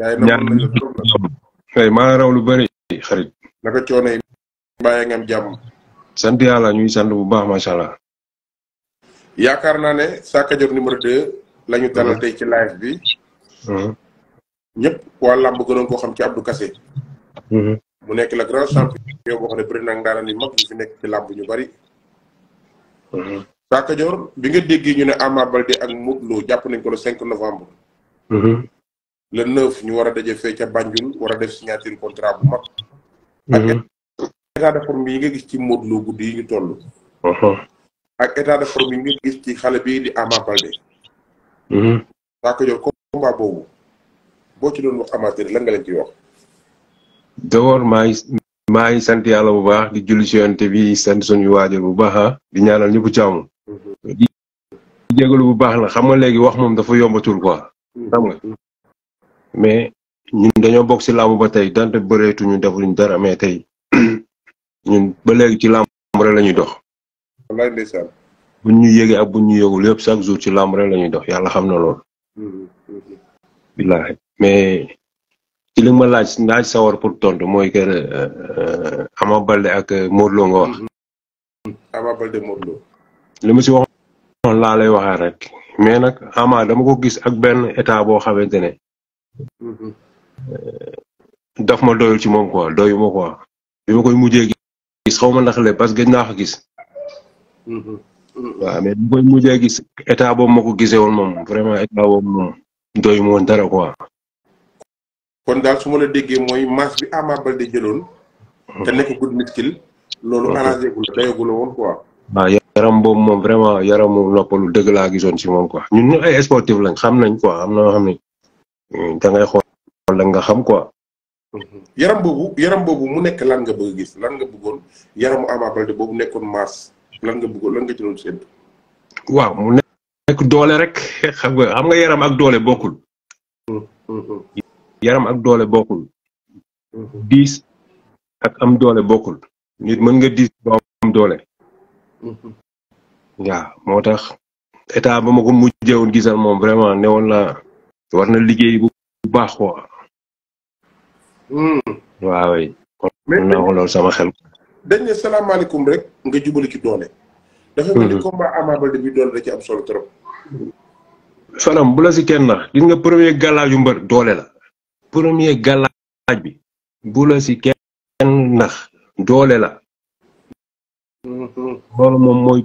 jam sant yalla ñuy sant bu baax ma sha Allah ya, ne Saka numéro 2 lañu dalal hmm. tey ci live bi hmm. ñëpp waa lamb gënoon koo xam ci Abdou Kassé hmm. mu nekk la grand champion boo xam ne bëri nag ndaanaan yu mag fi nekk ci lamb ñu bari bi nga ñu Ama Balde ak mudlu, Lo jàpp nañ ko le 5 novembre le 9 ñu war a daje fee ca Banjul war a def signature contrat bu mag. Mhm. ak état de forme nga gis ci Modou Lo guddi yi ñu toll. ak état de forme yi nga gis ci xale bi di Ama Baldé. Mhm. daa ko jox combat boobu boo ci doon wax amateur lan nga wax. d'abord maa ngi maa sant yàlla bu baax di julli ci Yonent bi sant yu waajur bu baax di ñaanal ñëpp jàmm. Mhm. di jégalu bu baax la xam nga léegi wax moom dafa yombatul quoi. mais ñun dañoo bokk ci làmb ba tey dante bëreetuñu defuñu dara mais tey ñun ba léegi ci làmb rek la ñuy dox. wallaay ndeysaan. ñu yëgee ak buñ ñu yëgul yëpp chaque jour ci làmb rek dox yàlla xam na loolu. Mm-hmm. Mm-hmm. billaahi mais ci li ma laaj naaj sawar pour tontu mooy que euh, euh, Ama Balde ak euh, Modou wax. Mm-hmm. Ama ma si waxoon laa lay waxaat rek mais nag amaa dama ko gis ak benn état boo xamante ne. Euh, daf ma doyul ci moom quoi doyu ma quoi bi ma koy mujjee gis xaw ma ndax le parce que gëj naa gis. Mm-hmm. waaw mais bi ma gis état boobu ma ko gisee woon moom vraiment état boobu moom doyu ma dara quoi. kon daal su ma la déggee mooy masse bi Ama Baldé jëloon. Mm-hmm. te nekk gudd nit ki loolu arrangé gu la la woon quoi. waaw yaram boobu moom vraiment yaramu noppalu dëgg laa gisoon ci moom quoi ñun ñu ay sportif lañ xam nañ quoi am xam ne da mm. ngay xool la nga xam quoi. Mm-hmm. yaram boobu yaram boobu mu nekk lan nga bëgg gis lan nga bëggoon yaramu Ama Baldé boobu nekkoon maas lan nga bëggoon lan nga waaw mu nekk doole rek xam nga xam nga yaram ak doole bokkul. Mm-hmm. yaram ak doole bokkul. Mm-hmm. diis ak am doole bokkul. nit mën nga diis doo am doole. waaw moo tax état ba ma ko mujjee woon gisal moom vraiment ne woon naa. war na liggéey bu baax quoi. Hmm. waaw oui. mais loolu sama xel. dañ ne salaamaaleykum rek nga jubali ci doole. dafa hmm. am solo trop. fanam bu la si kenn nax gis nga premier galaaju mbër doole la. premier galaaj bi. bu si kenn nax doole la. Hmm, loolu moom mooy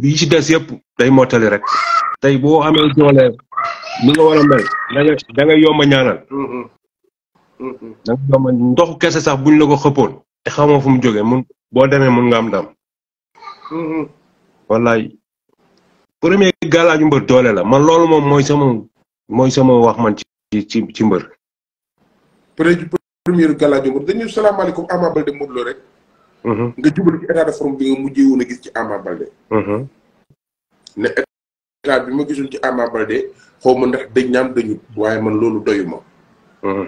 bi ci des yëpp day mottali rek. tey boo amee doole ni nga war a mel da yomb a ñaanal. Mm-hmm. Mm-hmm. da nga yomb ndoxu kese sax buñ la ko xëppoon. te xamoo fu mu jógee mun boo demee mun nga am ndam. Mm-hmm. wallaay premier galaaju mbër doole la man loolu moom mooy sama mooy sama wax man ci ci ci mbër. peut premier galaaju mbër dañuy salaamaaleykum Ama Balde Modou Lo rek. nga jubal ci état de forme bi nga mujjee a gis ci amaa Balde. ne cas bi ma gisul ci Ama Baldé xaw ma ndax dëj naam dëñut waaye man loolu doyuma mhm.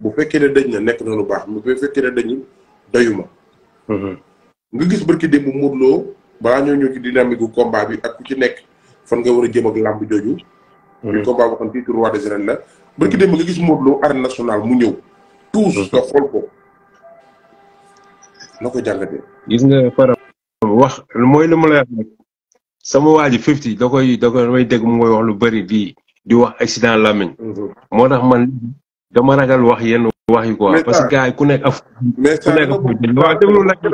bu fekkee ne dëj na nekk na lu baax bu fekkee ne dëñu doyuma mhm. nga gis barki démb Modou Lo balaa ñoo ñëw ci dynamique gu combat bi ak ku ci nekk fan nga war a jëm ak làmb jooju bi mhm. combat boo xam titre roi des arènes la barki démb nga gis Modou Lo arène nationale mu ñëw tous nga xool ko na ko jàngatee gis nga fara wax mooy lu ma la sama waa ji fifty da koy da koy wax lu bari di di wax accident lamiñ mhm. moo tax man dama ragal wax yenn wax yi quoi parce que ku nekk af ku nekk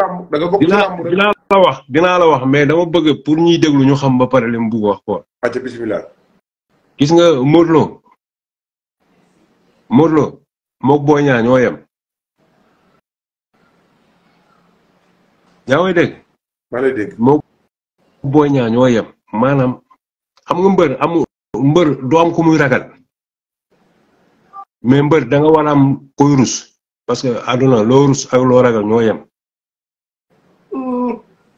la wax dinaa la wax mais dama bëgg pour ñuy déglu ñu xam ba pare li mu wax ko bismillah gis nga Modou bo Modou yem yaa ngi dégg Boy Niang ñoo yem manam xam nga mbeur amu mbeur do am ku muy ragal mais mbeur da nga wala am koy rus parce que aduna lo rus ak lo ragal ñoo yem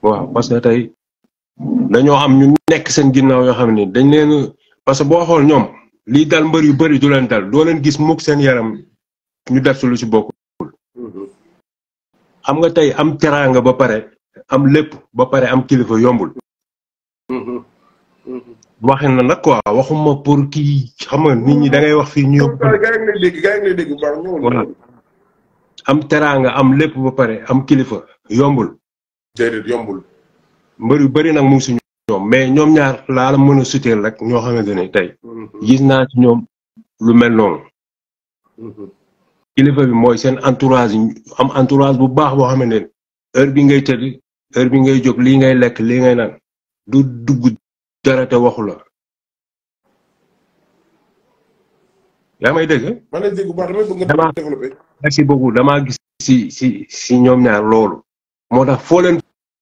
waaw parce que tay dañu am ñu nekk seen ginnaw yo xamni dañ leen parce que bo xol ñom li dal mbeur yu bari du leen dal do leen gis muk seen yaram ñu def si lu si bokkul xam nga tay am teranga ba pare am lepp ba pare am kilifa yombul waxin na nag quoi waxuma pour kii xam nga nit ñi da ngay wax fii ñu yëpp. am teraanga am lépp ba pare am kilifa yombul. déedéet yombul. mbër yu bëri nag mu ngi si mais ñoom ñaar laa la mën a suteel rek ñoo xamante ne tey. Mhm. gis naa ñoom lu mel noonu. Mhm. kilifa bi mooy seen entourage am entourage bu baax boo xamante ne heure bi ngay tëdd heure bi ngay jóg lii ngay lekk lii ngay naan. du dugg dara te waxu la yaa may dégg. ma lay dégg bu baax damay bëgg nga développé. merci beaucoup dama gis si si si ñoom ñaar loolu. moo tax foo leen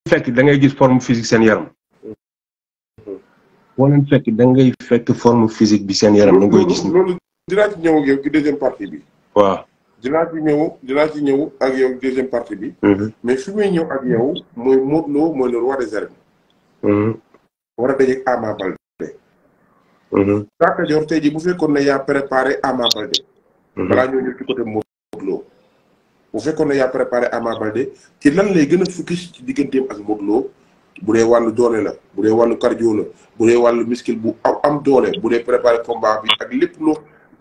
fekk da ngay gis forme physique seen yaram. foo leen fekk da ngay fekk forme physique bi seen yaram. da nga gis loolu dinaa ci ñëw ak yow ci deuxième partie bi. waaw dinaa ci ñëw dinaa ci ñëw ak yow ci deuxième partie bi. Mm-hmm. mais fi muy ñëw ak yow mooy Modou Lo mooy le roi des arènes. Mm-hmm. war a dajeeg mm-hmm. Sa Kajoor tey jii bu fekkoon na mm-hmm. yaa préparé Ama Baldé. ci côté Modou Lo. fekkoon ne yaa préparé ci lan lay gën a focus ci digganteem ak Modou bu dee wàllu doole la bu dee wàllu cardio la bu dee wàllu muscle bu am am doole bu dee préparé combat bi ak lépp loo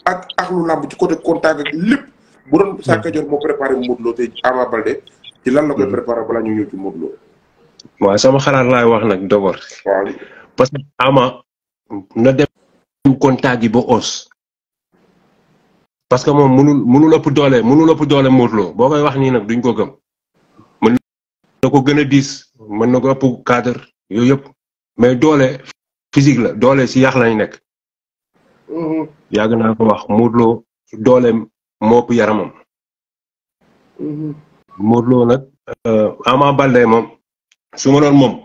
ak ak lu làmb ci côté contact ak lépp. bu doon Sa Kajoor moo préparé Modou Lo tey Ama Baldé ci lan la koy préparé balaa ñu ñëw ci Modou waaw sama xalaat laay wax nag d'abord. parce que ama na dem contact yi ba os. parce que moom mënul mënul doole mënul ëpp doole Modou Lo boo koy wax nii nag duñ ko gëm. mën na ko gën a diis mën na ko ëpp cadre yooyu yëpp doole physique la doole si yàq lañ nekk. Mm-hmm. yàgg naa ko wax Modou Lo dooleem yaramam. Mm-hmm. Modou Lo nag euh, Ama Baldé moom. su ma doon moom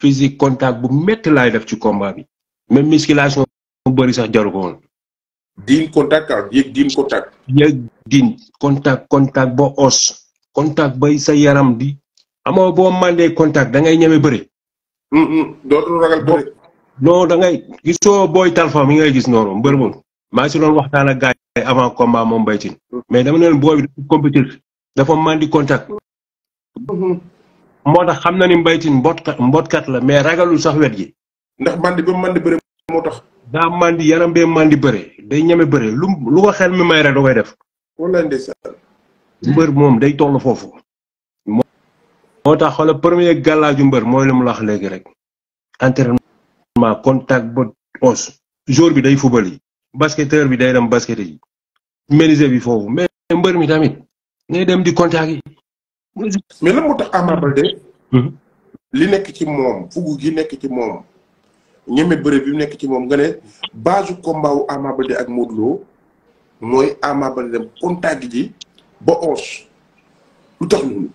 physique contact bu métti laay def ci combat bi même musculation bu bëri sax jaru ko woon. diin contact ah yéeg diin contact. yéeg diin contact contact ba os contact bay sa yaram di amoo boo mandee contact da ngay ñeme bëri. Mm, mm, dootul ragal bëri. non da ngay gisoo booy talfa mi ngay gis noonu mbër moom maa ngi si doon waxtaan ak gars yi avant combat moom Mbaye Tine mm. mais dama ne leen bi dafa dafa mandi contact. motax xamna ni mbaytin mbot kat la mais ragalu sax wet gi ndax mandi bu mandi beure motax da mandi yaram be mandi beure day ñame beure lu lu ko xel mi may rek da koy def wala ndessal mbeur mom day tollu fofu motax xol premier galaju mbeur moy lu wax legi rek entraînement contact bot os jour bi day football yi basketteur bi day dem basket yi menuisier bi fofu mais mbeur mi tamit ngay dem di contact yi mais lan moo tax Ama Baldé hmm. li nekk ci moom fugu gi nekk ci moom ñeme bëre bi nekk ci moom nga ne base combat wu Ama Baldé ak Modou Lo mooy Ama Baldé dem contact ji ba os lu tax loolu.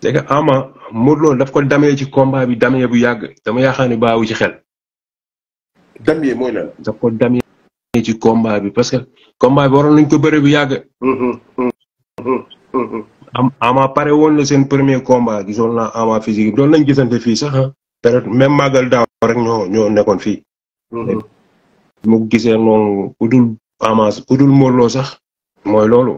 c'est que Ama Modou Lo daf ko damee ci combat bi damee bu yàgg dama yaakaar ne baawu ci xel. damee mooy lan. daf ko damee ci combat bi parce que combat bi waroon nañ ko bëre bu yàgg. Mm-hmm, mm-hmm. am ama pare woon na seen premier combat gisoon naa ama physique doon nañ gisante fii sax ah. période même màggal daaw rek ñoo ñoo nekkoon fii. Mm-hmm. mu gisee udul ama udul Morlo sax mooy loolu.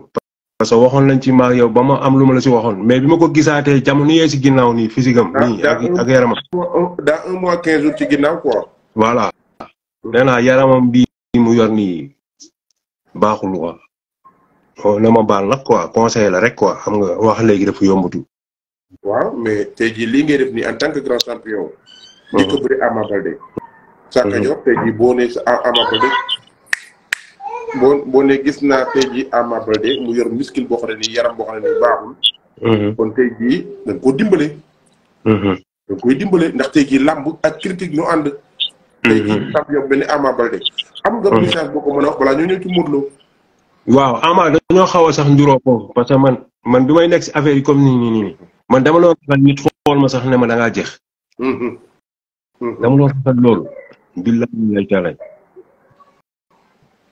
parce que waxoon nañ ci ma yow ba am lu ma la si waxoon mais bi ma ko gisaatee jamono yee si ginnaaw nii physique am. nii ak ak yaramam. daa un mois quinze jours ci ginnaaw quoi. voilà mm-hmm. nee yaramam bii mu yor nii na ma baal nag quoi conseil la rek quoi xam nga wax léegi dafa yombatu. waaw mais tey jii lii ngay def en tant que grand champion. di ko bëri Ama Baldé. Sakka mhm. boo nee sa Ama boo boo gis naa tey Ama mu yor muscle boo xam ne nii yaram boo xam ne nii baaxul. Mhm. kon tey nga koo dimbale. Mhm. koy dimbale ndax tey jii làmb ak critique ñu ànd. champion benn am nga message boo ko mën a wax balaa ñoo ñëw ci Lo. waaw ama dañoo xaw a sax njuróo foofu parce que man man bi may nekk si affaire yi comme nii nii nii man dama doon xatal nit xool ma sax ne ma da ngaa jeex. Mm-hmm. dama doon xatal loolu. billahi lay taalay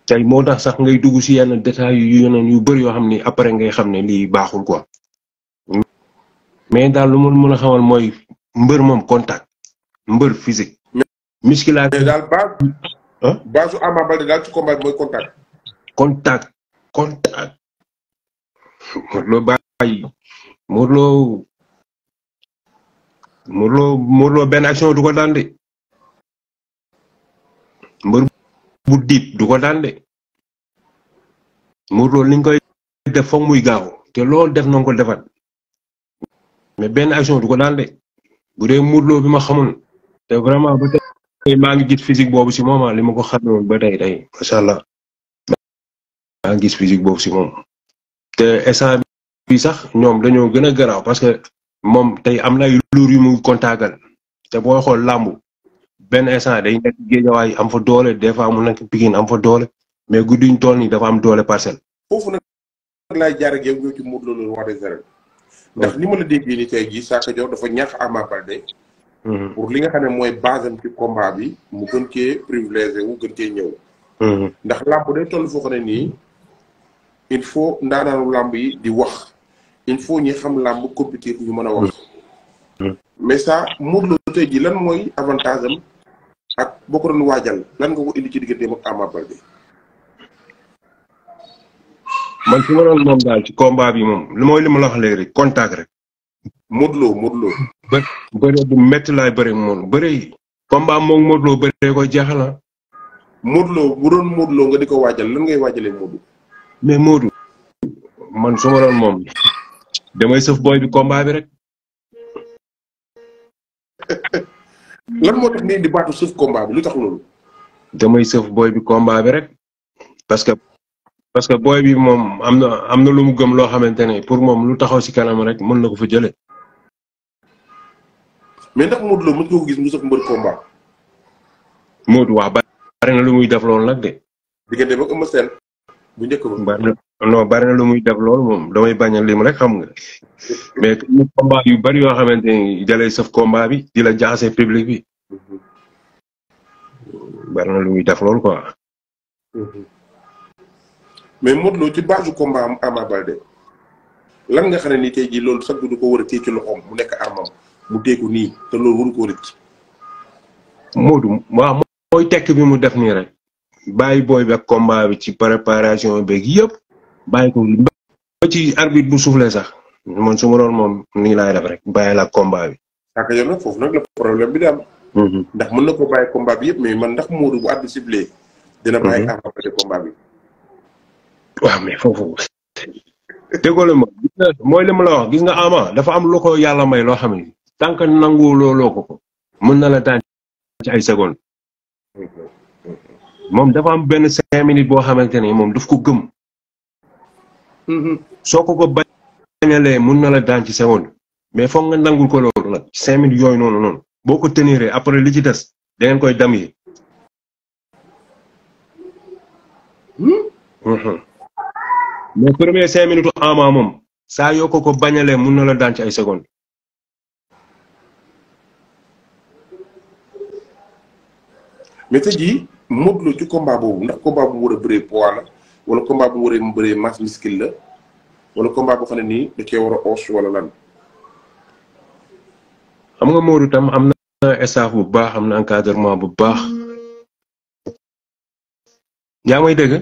tey moo tax sax ngay dugg si yenn détails yu yeneen yu bëri yoo xam ni après ngay xam ne lii baaxul quoi. mais daal lu ma mën a xamal mooy mbër moom contact mbër physique. musculation daal base. base su Ama Baldé daal ci combat mooy contact. contact contact murlo bay murlo murlo Lo Modou Lo Modou Lo benn action du ko dande de bu diit du ko dande de Modou Lo liñ koy def fo muy gaaw te loolu def na ko defat mais ben action du ko dande bu dee Modou Lo te vraiment ba tay maa ngi gis physique bobu si moment li ma ko ba tay tay macha allah. maa gis physique boobu si moom te instant bi sax ñoom dañoo gën a gara parce que moom tey am na ay luur yu mu kontaagal te booy xool làmbu benn instant day nekk géejawaay am fa doole des fois mu nekk pikin am fa doole mais guddi ñu toll dafa am doole parcelle. foofu na laay jaar ak yow ci Modou Lo wax des ndax ni ma la déggee ni tey jii Sakho Dior dafa ñaax Ama Baldé. Mhm. pour li nga xam ne mooy base am ci combat bi mu gën cee privilégié wu gën cee ñëw. Mhm. ndax làmb day toll ne nii. il faut ndaanaanu làmb yi di wax il faut ñi xam làmb compétir ñu mën a wax mais sax Modou Lo tey lan mooy avantage am ak boo ko doon waajal lan nga ko indi ci digganteem ak Ama Baldé man fi ma moom daal ci combat bi moom lu mooy li ma la wax léegi rek contact rek Modou Lo Modou Lo bë bëre bu métti laay bëre moom bëre yi combat moom Modou Lo bëre ko jaaxal nga di ko waajal lan ngay waajalee Modou mais Modou man su ma moom damay sëf booy bi combat bi rek. di baatu sëf combat lu tax sëf booy bi combat rek parce que parce que booy bi moom am na am na lu mu gëm loo xamante ne pour moom lu taxaw si kanam rek mën na ko fa jële mais ndax Modou Lo mën nga ko gis mu sëf mbër combat. Modou waa bari na lu muy def loolu nag de. diggante ba Eumeu Sène. bu njëkk ba. bari na non bari na lu muy def lool moom damay bañ a lim rek xam nga mais combat yu bari yoo xamante ni jalay saf combat bi di la jaxase public bi mm-hmm. bari na lu muy def lool quoi. Mm-hmm. mais Modou Lo ci base combat am Ama nga xam ni tey jii loolu sax du ko war ci loxoom mu nekk armam mu bi mu def nii rek. bàyyi booy beeg combat bi ci préparation beeg yëpp bàyyi ko ci arbitre bu soufflé sax man su ma doon moom nii laay def rek bàyyi la combat bi. ak yow nag foofu nag la problème bi am. Mhm. ndax mën na ko bàyyi combat bi yëpp man ndax Modou bu arbitre ciblé. dina mhm. bàyyi avancé combat bi. waaw ma mooy li ma la wax gis nga ama dafa am lu ko yàlla may loo xam ne tant que nangu looloo ko ko mën na la daan ci moom dafa am benn cinq minutes boo xamante ne moom daf ko gëm. Mm-hmm. soo ko ko bañalee mun na la daan ci seconde mais foog nga nangu ko loolu nag cinq minutes yooyu noonu noonu boo ko teniree après li ci des da ngeen koy dam yi. Hmm? Mm-hmm. mais premier cinq minutes ama moom saa yoo ko ko bañalee mun na la daan ci ay seconde mais tey jii Modou Lo ci combat boobu ndax combat bu mu a bëree poids wala combat bu mu war a bëree masse muscle la wala ko boo xam ne nii da cee war wala lan. xam nga Modou tam am na staff bu baax am na encadrement bu baax. yaa may dégg.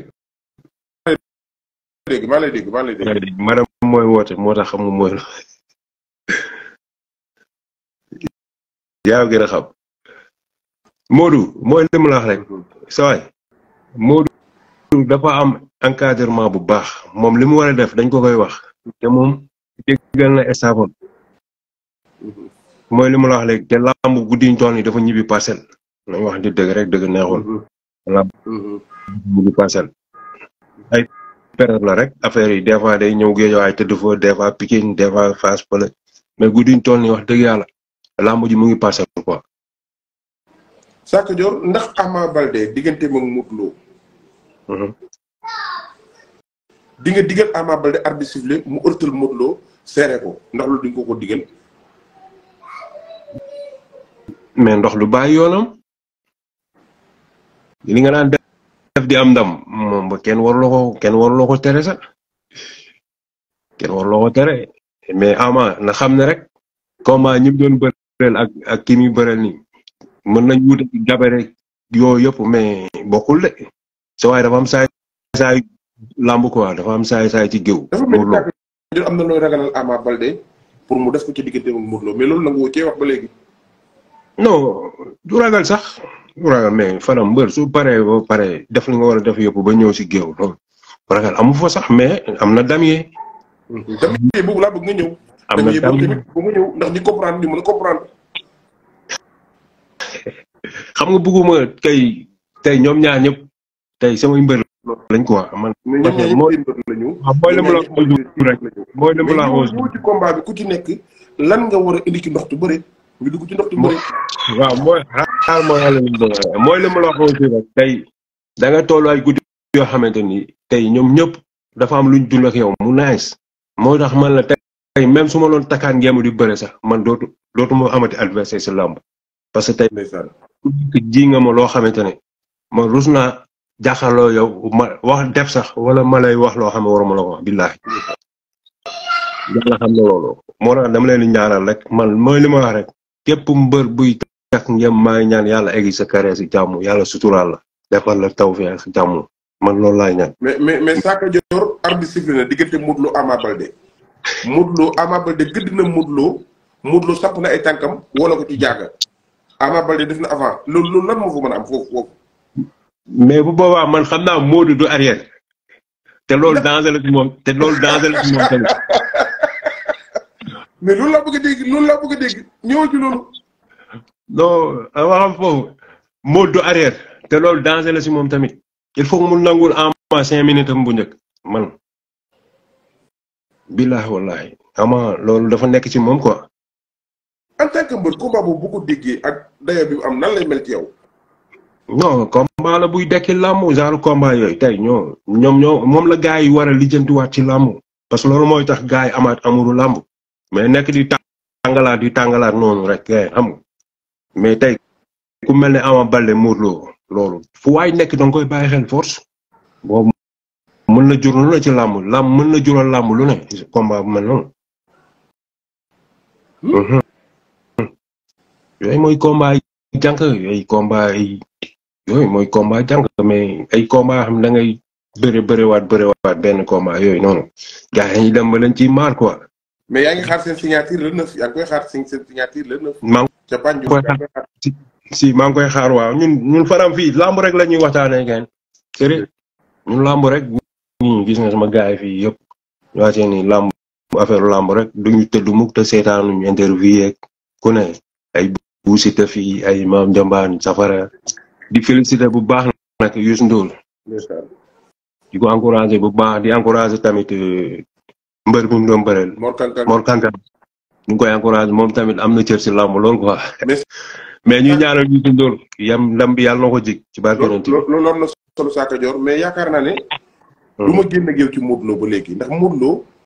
maa lay dégg mooy woote moo tax xam mooy. yaa gën a Modou mooy li mu la rek sawaay dafa am encadrement bu baax moom li mu war a def dañ ko koy wax te moom déggal na estafam mooy li mu la wax léegi te làmb guddi ñu toll dafa ñibbi parcelle nañ wax di dëgg rek dëgg neexul làmb ñibbi parcelle ay période la rek affaire yi des fois day ñëw géejawaay tëdd fa des fois Pikine des fois Fass pële mais guddi ñu wax dëgg yàlla làmb ji mu ngi parcelle quoi sak jor ndax Ama Balde diggante moom Modou hmm di nga digel Ama Balde arbitre mu eurtul Modou Lo ko ndax lu di nga ko digel mais ndox lu bay yonam li nga nan def di am dam moom ba war lo ko war lo ko sa ken war lo ko téré mais Ama na xam rek comment ñi doon beurel ak ak kimi beurel ni mën nañ wute ci gabare yooyu yëpp mais bokkul de so waaye dafa am saay saay làmb quoi dafa am saay saay ci géew. am na looy ragalal Ama Baldé pour mu def ko ci diggante ak Modou Lo mais loolu nangu cee wax ba léegi. non du ragal sax du ragal mais fanam su paree ba pare def li nga war def yëpp ba ñëw si géew loolu ragal amu fa sax mais am na damier. Mhm. damier boobu laa bëgg nga nga ñëw ndax di comprendre ni a comprendre. xam nga bëgguma tey tey ñoom ñaar ñëpp tey samay mbër lañ quoi man. man ñoom mooy mbër lañu. waaw mooy la mu ku ci nekk lan nga war a indi ci ndox tu bëri da nga toll ay guddi yoo xamante ni tey ñoom ñëpp dafa am lu dund ak yow mu nice moo tax man la tey même su ma doon takkaan ngeen di bëre sax man dootu dootu moo amati adversaire si làmb parce que tey. ji nga mo loo xamante ne rusna rus naa jàkkaarloo yow wax def sax wala ma lay wax loo xam ne waruma la ko wax billaahi yàlla xam na loolu moo tax dama leen ñaanal rek man mooy li ma wax rek képp mbër buy takk ngem maa ñaan yàlla egg sa carrière si jàmm yàlla suturaal la defal la taw fi ak jàmm man loolu laay ñaan. mais mais mais saka jor arbitre na Lo Ama Baldé Modou Lo Ama na Modou Lo Modou Lo na ay wala ko ci Ama Baldé def na avant loolu loolu lan moo fa mën a am foofu mais bu boobaa man xam naa Modou du arrière te loolu danger la ci moom te loolu danger la ci moom tamit. mais loolu laa bëgg a dégg loolu laa bëgg a dégg ñëwal ci loolu. non euh, du arrière te loolu danger la moom tamit il faut mu nangul Ama cinq minutes am bu njëkk man. billahi wallahi Ama loolu dafa nekk ci moom quoi. en tant que mbër combat boobu bu am nan lay mel ci yow. non combat la buy dekki làmb genre combat yooyu tey ñoo ñoom ñoo moom la gars yi war a lijjantiwaat ci làmb parce que loolu mooy tax gars yi amaat amuru làmb mais nekk di tàngalaat di tàngalaat noonu rek eh, am mais tey ku mel ne Ama Baldé Modou loolu fu waay nekk danga koy bàyyi xel force boobu mën na jur lu ne ci làmb làmb mën na jural làmb lu ne combat bu mel Emo ikomba ichanga ikomba yo emo ikomba ichanga me ikomba hamdanga bere bere wat bere wat ben koma yo non ga hen dam len ci mar quoi mais yaa ngi xaar seen signature le neuf yaa ngi koy xaar seen signature le neuf maa ngi koy xaar si maa ngi koy xaar waaw ñun ñun faram fii lamb rek la ñuy waxtaanee kenn sëri ñun lamb rek ñu gis nga sama gaay fii yëpp ñu waxee ni lamb affaire lamb rek duñu tëdd mukk te seetaanuñu interview yeeg ku ne ay bu Siteu fi ay maam jamban Safara di féliciter bu baax nak Youssou ndoul di ko encourager bu baax di encourager tamit euh, mbeur bu ndom doon Mor Kankan ñu ngi koy encourager mom tamit amna na ci lamb làmb lool quoi mais ñu ñaanal Youssou ndoul yam lamb yalla yàlla jik ci barke non yonent loolu non la solo Saka jor mais yakarna ne hmm. duma genn génn ak yow ci modlo ba legi ndax modlo